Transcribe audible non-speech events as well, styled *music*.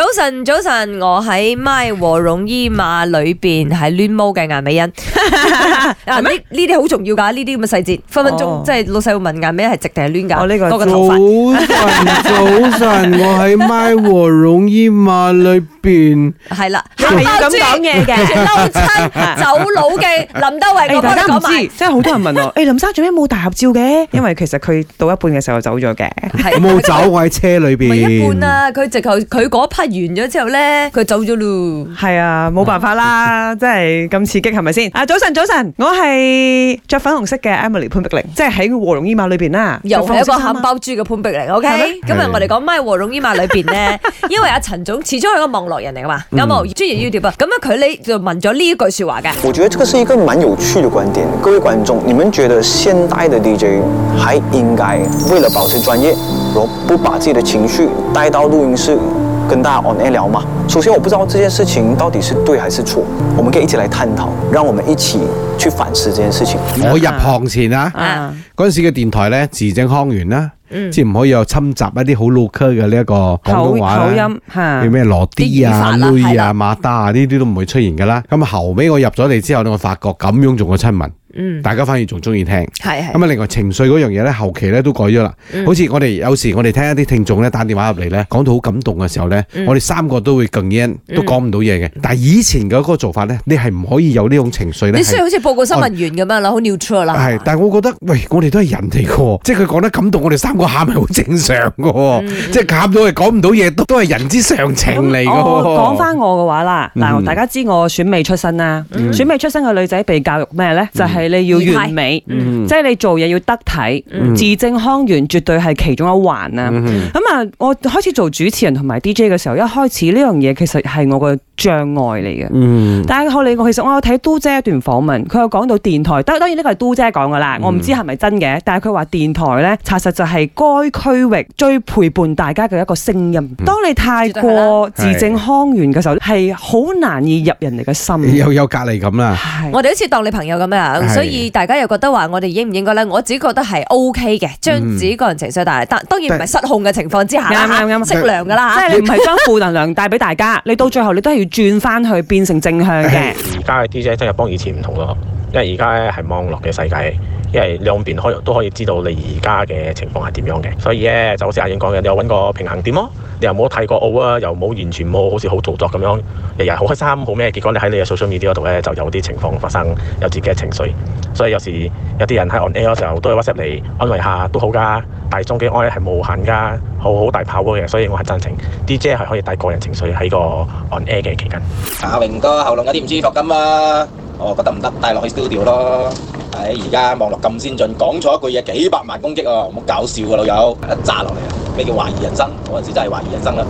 早晨，早晨，我喺 My 和戎衣馬裏邊係亂毛嘅顏美欣，啊呢呢啲好重要噶，呢啲咁嘅細節分分鐘，即係老細會問顏美欣係直定係亂噶。我呢個早晨，早晨，我喺 My 和戎衣馬裏邊係啦，係咁講嘢嘅，嬲親走佬嘅林德偉哥哥講埋，即係好多人問我，誒林生做咩冇大合照嘅？因為其實佢到一半嘅時候走咗嘅，冇走，我喺車裏邊，唔係一半啊，佢直頭佢嗰批。完咗之後咧，佢走咗咯。係啊，冇辦法啦， *laughs* 真係咁刺激，係咪先？啊，早晨，早晨，我係着粉紅色嘅 Emily 潘碧玲，即係喺和龍伊瑪裏邊啦、啊。又係一,一個咸包豬嘅潘碧玲，OK。咁我哋講咩和龍伊瑪裏邊咧， *laughs* 因為阿陳總始終係個網絡人嚟噶嘛，有冇專業 YouTube？咁樣佢咧就問咗呢一句說話嘅。我覺得呢個是一個蠻有趣的觀點，各位觀眾，你們覺得現代的 DJ 還應該為了保持專業，而不把自己的情緒帶到錄音室？跟大家 online 聊嘛。首先，我不知道這件事情到底是對還是錯，我們可以一起來探討，讓我們一起去反思這件事情。我入行前啊，嗰陣時嘅電台咧字正腔圓啦，即係唔可以有侵襲一啲好 local 嘅呢一個廣東話啦。口音叫咩羅啲啊、妹啊,啊,啊、馬達啊，呢啲都唔會出現㗎啦。咁後尾我入咗嚟之後，咧，我發覺咁樣仲過親民。嗯，大家反而仲中意聽，係係。咁啊，另外情緒嗰樣嘢咧，後期咧都改咗啦。嗯，好似我哋有時我哋聽一啲聽眾咧打電話入嚟咧，講到好感動嘅時候咧，我哋三個都會哽咽，都講唔到嘢嘅。但係以前嘅嗰個做法咧，你係唔可以有呢種情緒咧。你需要好似報告新聞員咁樣啦，好 neutral 啦。係，但係我覺得，喂，我哋都係人嚟個，即係佢講得感動，我哋三個喊係好正常個，即係喊到又講唔到嘢，都都係人之常情嚟。哦，講翻我嘅話啦，嗱，大家知我選美出身啦，選美出身嘅女仔被教育咩咧？就係。你要完美，即、嗯、係、就是、你做嘢要得體，字、嗯、正腔圓絕對係其中一環啊！咁啊、嗯，我開始做主持人同埋 DJ 嘅時候，一開始呢樣嘢其實係我個障礙嚟嘅，但係後嚟我其實我有睇都姐一段訪問，佢有講到電台，但係當然呢個係都姐講嘅啦，我唔知係咪真嘅，但係佢話電台呢，查實就係該區域最陪伴大家嘅一個聲音。當你太過字正腔圓嘅時候，係好難以入人哋嘅心，又有隔離咁啦。我哋好似當你朋友咁樣，所以大家又覺得話我哋應唔應該呢？我自己覺得係 O K 嘅，將自己個人情緒帶嚟，但當然唔係失控嘅情況之下，啱啱適量㗎啦，即係你唔係將負能量帶俾大家，你到最後你都係要。轉翻去變成正向嘅，而家嘅 DJ 真係幫以前唔同咯。因為而家咧係網絡嘅世界，因為兩邊可都可以知道你而家嘅情況係點樣嘅，所以咧就好似阿英講嘅，你有揾個平衡點咯，你又冇太過傲啊，又冇完全冇好似好做作咁樣，日日好開心好咩，結果你喺你嘅 social media 度咧就有啲情況發生，有自己嘅情緒，所以有時有啲人喺 on air 嗰時候都係 WhatsApp 你安慰下都好噶，大係中間 on air 係無限噶，好好大炮嘅，所以我係贊成 DJ 係可以帶個人情緒喺個 on air 嘅期間。阿榮哥喉嚨有啲唔舒服咁啊！我、哦、覺得唔得，帶落去銷掉咯。喺而家網絡咁先進，講錯一句嘢幾百萬攻擊啊！好搞笑啊！老友，一砸落嚟啊！咩叫懷疑人生？我嗰時真係懷疑人生啦。